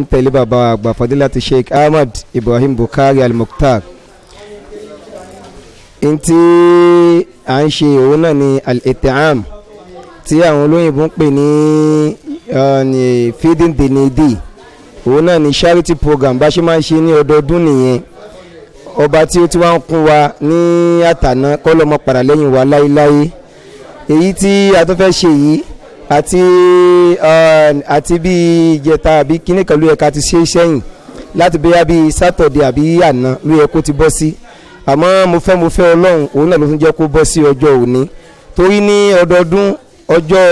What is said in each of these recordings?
ń tẹ̀lé bàbá àgbà fadilati sheikh ahmad ibrahim bukari al-mukhtar ntí à ń ṣe òun náà ni al-it'am tí àwọn olóyìnbó ń pè ní feeding the needy òun náà ni charity program bá ṣe máa ń ṣe ní ọdọọdún nìyẹn ọba tí ó ti wá ń kún wa ní àtàná kọ́ lọ́mọ padà lẹ́yìn wa láéláé èyí tí a tó fẹ́ ṣe yìí àti um, àti bí ìjẹta àbí kíní kan ló yẹ ká ti ṣe sẹ́yìn láti bóyá bí sátọ̀dẹ̀ àbí àná ló yẹ kó ti bọ́ sí àmọ́ mo fẹ́ mo fẹ́ ọlọ́run òun náà ló tún jẹ́ kó bọ́ sí ọjọ́ òní torí ní ọdọọdún ọjọ́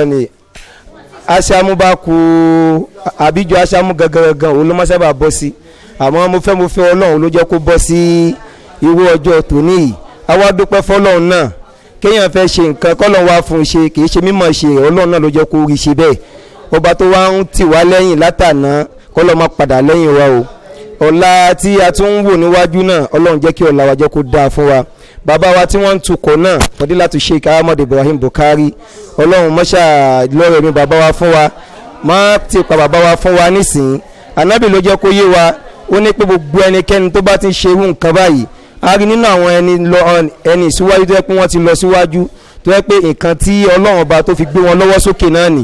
ọ̀nì aṣámúbáku àbíjọ aṣámú gangan òun ló má sábà bọ́ sí àmọ́ mo fẹ́ mo fẹ́ ọlọ́run ló jẹ́ kó bọ́ sí irú ọjọ́ tòní yìí àwa fọlọ́run náà kéèyàn fẹ́ ṣe nǹkan kọ́lọ́n wá fún un ṣe kì í ṣe mímọ̀ ṣe rẹ̀ ọlọ́run náà ló jẹ́ kó rí ṣe bẹ́ẹ̀ ọba tó wá ń tì wá lẹ́yìn látàná kọ́lọ́n máa padà lẹ́yìn wa o ọ̀la tí a tún ń wò níwájú náà ọlọ́run jẹ́ kí ọ̀la wa jẹ́ kó dáa fún wa bàbá wa tí wọ́n ń tukọ̀ náà Fadilatu Sheikh Ahmad Ibrahim Bukari ọlọ́run mọ́ṣà lọ́rẹ̀ mi bàbá wa fún wa má ti pa bàbá wa fún wa nísìnyí anábì ló jẹ́ kó yé wa ó ní pé gbogbo ẹnikẹ́ni tó bá ti ń ṣerú nǹkan báyìí a rí nínú àwọn ẹni lọ ẹni ìsíwájú tó yẹ pé wọ́n ti lọ síwájú tó yẹ pé nǹkan tí ọlọ́run ọba tó fi gbé wọn lọ́wọ́ sókè náà nì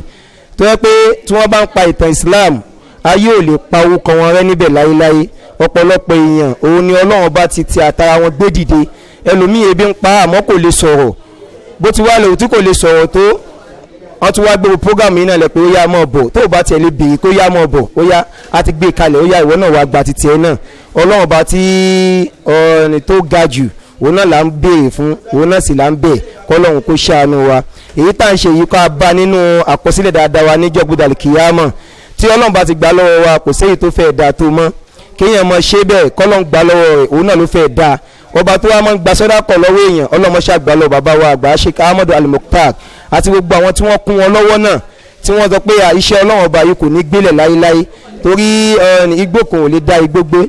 tó yẹ pé tí wọ́n bá ń pa ìtàn Islam ayé ò lè pa orúkọ wọn rẹ́ níbẹ̀ láéláé ọ̀pọ̀lọpọ̀ èèyàn òun ni ọlọ́run ọba ti ti àtara wọn gbé dìde ẹlòmíì ebi ń pa àmọ́ kò lè sọ̀rọ̀ bó ti wá lòun tí kò lè sọ̀rọ̀ tó wọ́n tún wá gbèrò program yìí náà lẹ̀ pé ó yá mọ̀ bọ̀ tó o bá tiẹ̀ lè bèèrè pé ó yá mọ̀ bọ̀ ó yá a ti gbé e kalẹ̀ ó yá ìwọ náà wá gba titi ẹ náà ọlọ́run bá ti ọ̀ọ́nì tó ga jù òun náà là ń béèrè fún òun náà sì là ń bẹ̀ kọ́lọ́run kó ṣàánú wa èyí tá à ń ṣe yìí kọ́ a bá nínú àkọsílẹ̀ dáadáa wa níjọ́ gbúdàlì kìyàmọ̀ tí ọlọ́run bá ti gbà lọ́wọ́ wa kò séyìí tó fẹ́ dáa tó mọ́ kéèyàn mọ̀ ṣe bẹ́ẹ̀ kọ́lọ́run gbà lọ́wọ́ ọba tó wá máa ń gba sọ́dákọ̀ lọ́wọ́ èèyàn ọlọ́mọṣẹ́ àgbàlọ́ bàbá wa àgbà Sheikh Ahmadu Al-Mukhtar àti gbogbo àwọn tí wọ́n kún wọn lọ́wọ́ náà tí wọ́n sọ pé iṣẹ́ Ọlọ́run ọba yìí kò ní gbélẹ̀ láéláé torí igbó kan lè dá igbó gbé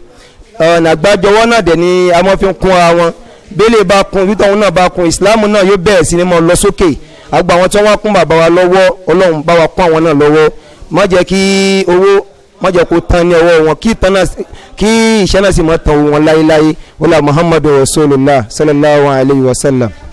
àgbájọwọ́ náà dẹ̀ ni a máa fi ń kún ara wọn bẹ́lẹ̀ bá kun ibi tóun náà bá kun Islam náà yóò bẹ̀rẹ̀ sí ni mo lọ sókè àgbà àwọn tí wọ́n wá kún bàbá wa lọ́wọ́ Ọlọ́run bá wa kún àwọn náà lọ́wọ́ má jẹ́ kí owó má jẹ́ kó tán ní ọwọ́ wọn kí ìṣẹ́ náà sì má tàn wọn láéláé wọ́n lá muhammadu rasulullah sallallahu alayhi wa sallam.